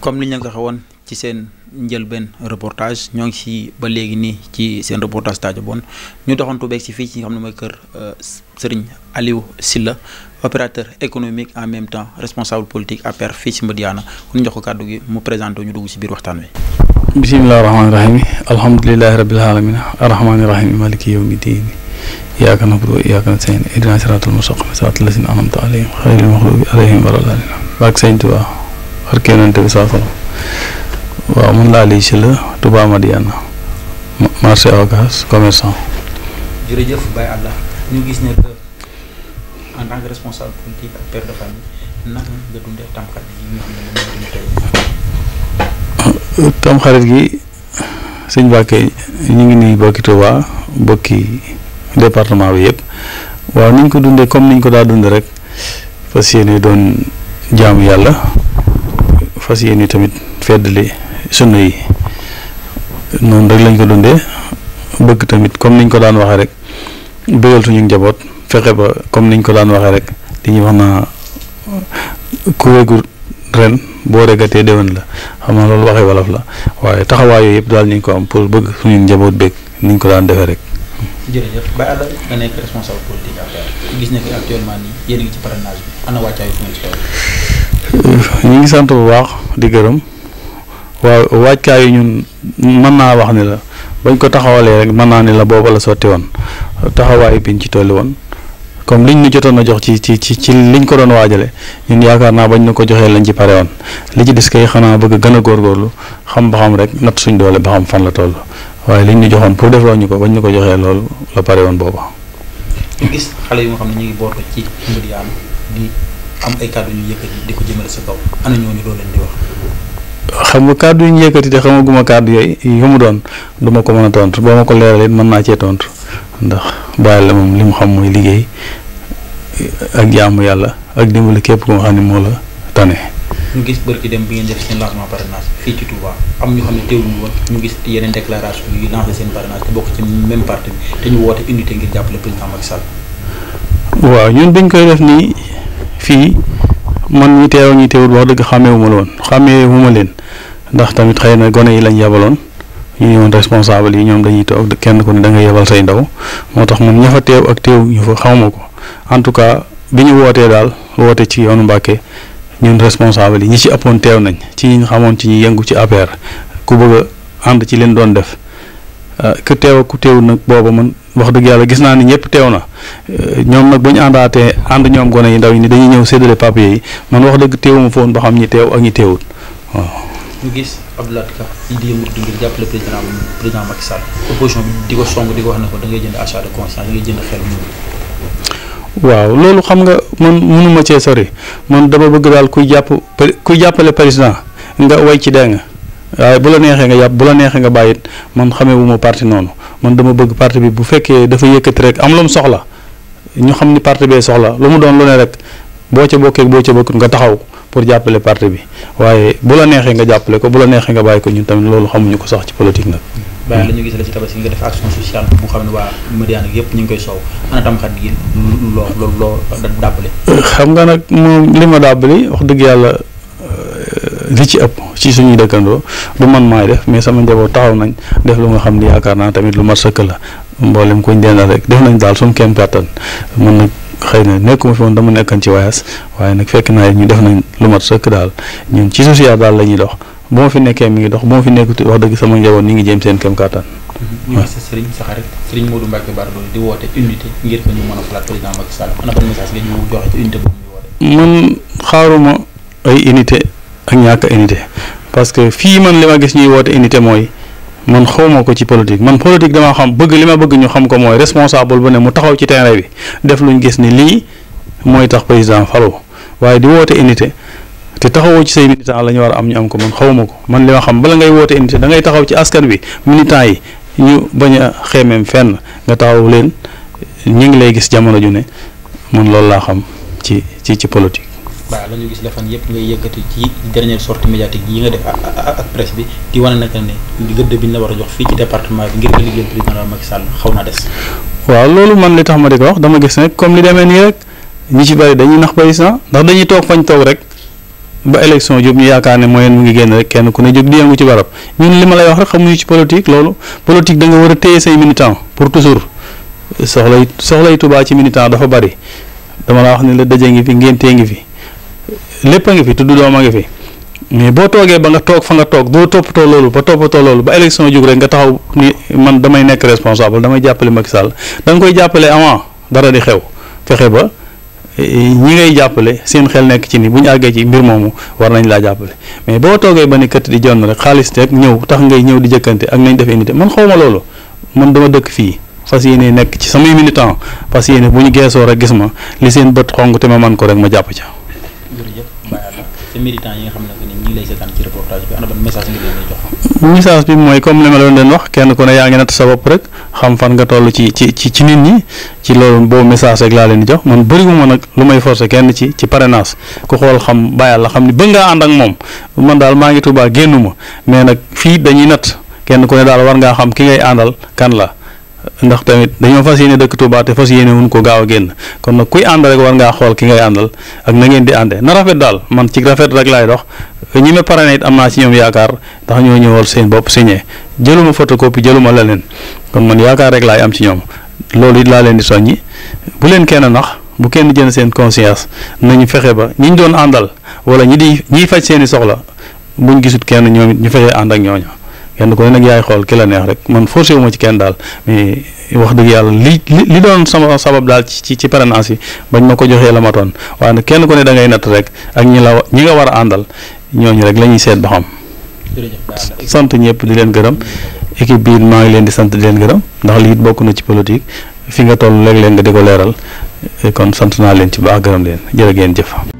comme niñ nga ko ci sen seen ben reportage ñoo ngi ci ba légui ni ci sen reportage Sadio bon ñu doxantu beeg ci fi ci nga xam ne mooy kër euh, Serigne Aliou silla opérateur économique en même temps responsable politique à père fils Mbadiana ñu jox ko kàddu gi mu présenter ñu dugg ci biir waxtaan wi. bisimilah rahmaani rahim alhamdulilah rabil alamin arrahmaani rahim maliki yawmiddin diin iyyaka na'budu wa iyyaka nasta'iin ihdina siraatal mustaqim siraatal ladzina an'amta alayhim ghayril maghduubi alayhim wa lad-daalliin barke barke yonent bi saa salaam waaw man laa lii si la Touba Madiana marché ogas commerçant. Allah ñu gis ne que en tant que responsable politique ak père de famille naka nga dundee tamxarit yi nga xam ne moom tamxarit gi sëñ Bakke ñu ngi nii bokki Touba bokki département bi yëpp waaw niñ ko dundee comme niñ ko daa dund rek fas yéene doon jaamu yàlla. fas yéen yi tamit feddali sunna yi noonu rek lañ ko dundee bëgg tamit comme niñ ko daan waxee rek bëggal suñu njaboot fexe ba comme niñ ko daan waxee rek li ñuy wax naa ku wégu ren boo regatee déwén la xam na loolu waxee wolof la waaye taxawaay yooyu yëpp daal ñu ko am pour bëgg suñu njaboot beeg niñ ko daan defee rek. jërëjëf ba ñu ngi sant bu baax di gërëm waaw waajkaay yi ñun mën naa wax ni la bañ ko taxawalee rek mën naa ni la booba la sotti woon taxawaay biñ ci tolli woon comme liñ ñu jotoon a jox ci ci ci ci liñ ko doon waajale ñun yaakaar naa bañ na ko joxee lañ ci pare woon li ci des kay xanaa bëgg gën góor góorgóorlu xam ba xam rek natt suñ doolee ba xam fan la toll waaye liñ ñu joxoon pour defloo ñu ko bañ ñu ko joxee loolu la pare woon booba. xale yu nga xam ne ñu am ko jëmale sa kaw xam nga kàddu yu ñu yëkkati te xamaguma kàddu yooyu yu mu doon du ma ko mën a tontu boo ma ko leeralee mën naa cee tontu ndax bàyyi la moom li mu xam mooy liggéey ak jaamu yàlla ak dimbali képp ko nga ne moo la tane. ñu gis bërki dem bi ngeen def seen lancement parrainage fii ci Touba am ñu xam ne teewluñu woon ñu gis yeneen déclaration yu lancé seen parrainage te bokk ci même parti bi te ñu woote unité ngir jàppale président Macky Sall. waaw ñun biñ koy def nii fii man ñi teew ñi teewul wax dëgg xàmmeewuma loon woon xàmmeewuma leen ndax tamit xëy na gone yi lañ yebaloon ñu ne woon responsable yi ñoom dañuy toog kenn ko ne da nga yebal say ndaw moo tax man ña fa teew ak teew ñu fa xawma ko en tout cas bi ñu wootee daal woote ci yoonu Mbàkke ñun responsable yi ñi ci ëppoon teew nañ ci ñi xamoon ci ñi yëngu ci APR ku bëgg a ànd ci leen doon def Euh, ku teew ku teewul nag booba man wax dëgg yàlla gis naa ni ñëpp teew na euh, ñoom nag bu ñu àndaatee ànd ñoom gone yi ndaw yi ni dañuy ñëw séddale papier yi man wax dëgg teewuma foon ba xam waaw. ñu gis Abdoulaye Ka di yëngu ngir jàppale président président Macky Sall opposition bi di ko song di ko wax ne ko da ngay jënd achat de conscience da ngay jënd xel loolu xam nga man mënuma cee sori man dama bëgg daal kuy jàpp kuy jàppale président nga way ci dégg nga waaye bu la neexee nga yàpp bu la neexee nga bàyyit man xamee wu ma parti noonu man dama bëgg parti bi bu fekkee dafa yëkkati rek am lu mu soxla ñu xam ni parti bee soxla lu mu doon lu ne rek boo ca bokkee boo ca bokkul nga taxaw pour jàppale parti bi waaye bu la neexee nga jàppale ko bu la neexee nga bàyyi ko ñun tamit loolu xamuñu ko sax ci politique nag. bàyyi la ñu gis la ci tabaski nga def action sociale bu xam ne waa Médiyane yëpp ñu ngi koy soow ana tamxarit gi loo loo loo dàbbale. xam nga nag moom li li ci ëpp ci suñuy dëkkandoo du man maay def mais sama njaboot taxaw nañ def lu nga xam ni yaakaar naa tamit lu mat sëkk la mboolem kuñ dendal rek def nañ daal suñu kéem kàttan man ci waayas waaye nag fekk naa ñu def nañ lu mat sëkk daal ñun ci social daal la ñuy dox bu fi nekkee mi ngi dox bu ma fi nekkuti wax dëgg sama njaboot ñi ngi jéem seen kéem kàttan sa sëriñ sa xarit sëriñ Modou Mbacke di woote unité ngir ko ñu mën a falaat président Macky Sall ana ban message nga xaaruma ay unité ak ñàkk unité parce que fii man li ma gis ñuy woote unité mooy man xawma ko ci politique man politique dama xam bëgg li ma bëgg ñu xam ko mooy responsable bu ne mu taxaw ci terrain bi def lu ñu gis ni lii mooy tax président falu waaye di woote unité te taxawoo ci say militant la ñu war a am ñu am ko man xawma ko man li ma xam bala ngay woote unité dangay taxaw ci askan bi militant yi ñu bañ a xeemeem fenn nga taxaw leen ñu ngi lay gis jamono ju ne man loolu laa xam ci ci ci politique. ba lañu gis la fan yépp ngay yëkkati ci dernière sortie médiatique yi nga def ak presse bi di wane nag ne di gëdd bi la war a jox fii ci département bi ngir nga liggéeyal président Macky Sall xaw naa des waaw loolu man li tax ma di ko wax dama gis nag comme li demee nii rek ñi ci bari dañuy nax président ndax dañuy toog fañ toog rek ba élection jub ñu yaakaar ne moyen mu ngi génn rek kenn ku ne jóg di yëngu ci barab ñun li ma lay wax rek xamuñu ci politique loolu politique da nga war a téye say militant pour toujours soxlay soxlay tubaa ci militant dafa bari dama la wax ne la daje ngi fi ngéntee ngi fi lépp a ngi fi tudd doom a ngi fi mais boo toogee ba nga toog fa nga toog boo toppatoo loolu ba toppatoo loolu ba élection jug rek nga taxaw ni man damay nekk responsable damay jàppale Macky Sall da koy jàppale avant dara di xew fexe ba eh, ñi ngay jàppale seen xel nekk ci ni bu àggee ci mbir moomu war nañ laa jàppale mais boo toogee ba ni kët di jonn rek xaalis rek ñëw tax ngay ñëw di jëkkante ak nañ def nit man xaw ma loolu man dama dëkk fii fas yéene nekk ci samay militant fas yéene bu ñu geesoo rek gis ma li seen bët xong te ma man ko rek ma jàpp ca te militants yi nga message nga leen bi mooy comme li ma leen wax kenn ku ne yaa ngi natt sa bopp rek xam fan nga toll ci ci ci ci nit ñi ci loolu boobu message rek laa leen di jox man bëriwuma nag lu may forcer kenn ci ci parrainage ku xool xam ba la xam ni bëgg ngaa ànd ak moom man daal maa ngi Tuubaa génnuma mais nag fii dañuy natt kenn ku ne daal war ngaa xam ki ngay àndal kan la. ndax tamit dañu fasiyene yéene dëkk Touba te fasiyene yéene wuñ ko gaaw a kon nak kuy andal rek war nga xol ki ngay andal ak na ngeen di andé na rafet dal man ci rafet rek lay dox ñi me parané it amna ci ñom yaakar tax ñoo ñëwal seen bop signé jëluma photocopie jëluma leneen kon man yaakar rek lay am ci ñom loolu it la leen di soñi bu leen kenn nax bu kenn jëne seen conscience nañu fexé ba ñi doon andal wala ñi di ñi fajj seen soxla buñu gisut kenn ñoo ñu fexé and ak ñoo kenn ko ne nag yaay xool ki la neex rek man forcé wu ma ci kenn daal mais wax dëgg yàlla li li doon sama sabab daal ci ci parrainage yi bañ ma ko joxee la ma toon waaye kenn ku ne dangay natt rek ak ñi la ñi nga war a àndal ñooñu rek la ñuy seet ba xam. sant ñëpp di leen gërëm équipe biir maa ngi leen di sant di leen gërëm ndax lii bokk na ci politique fi nga toll léeg leen nga di ko leeral kon sant naa leen ci baax gërëm leen jërë ngeen jëf.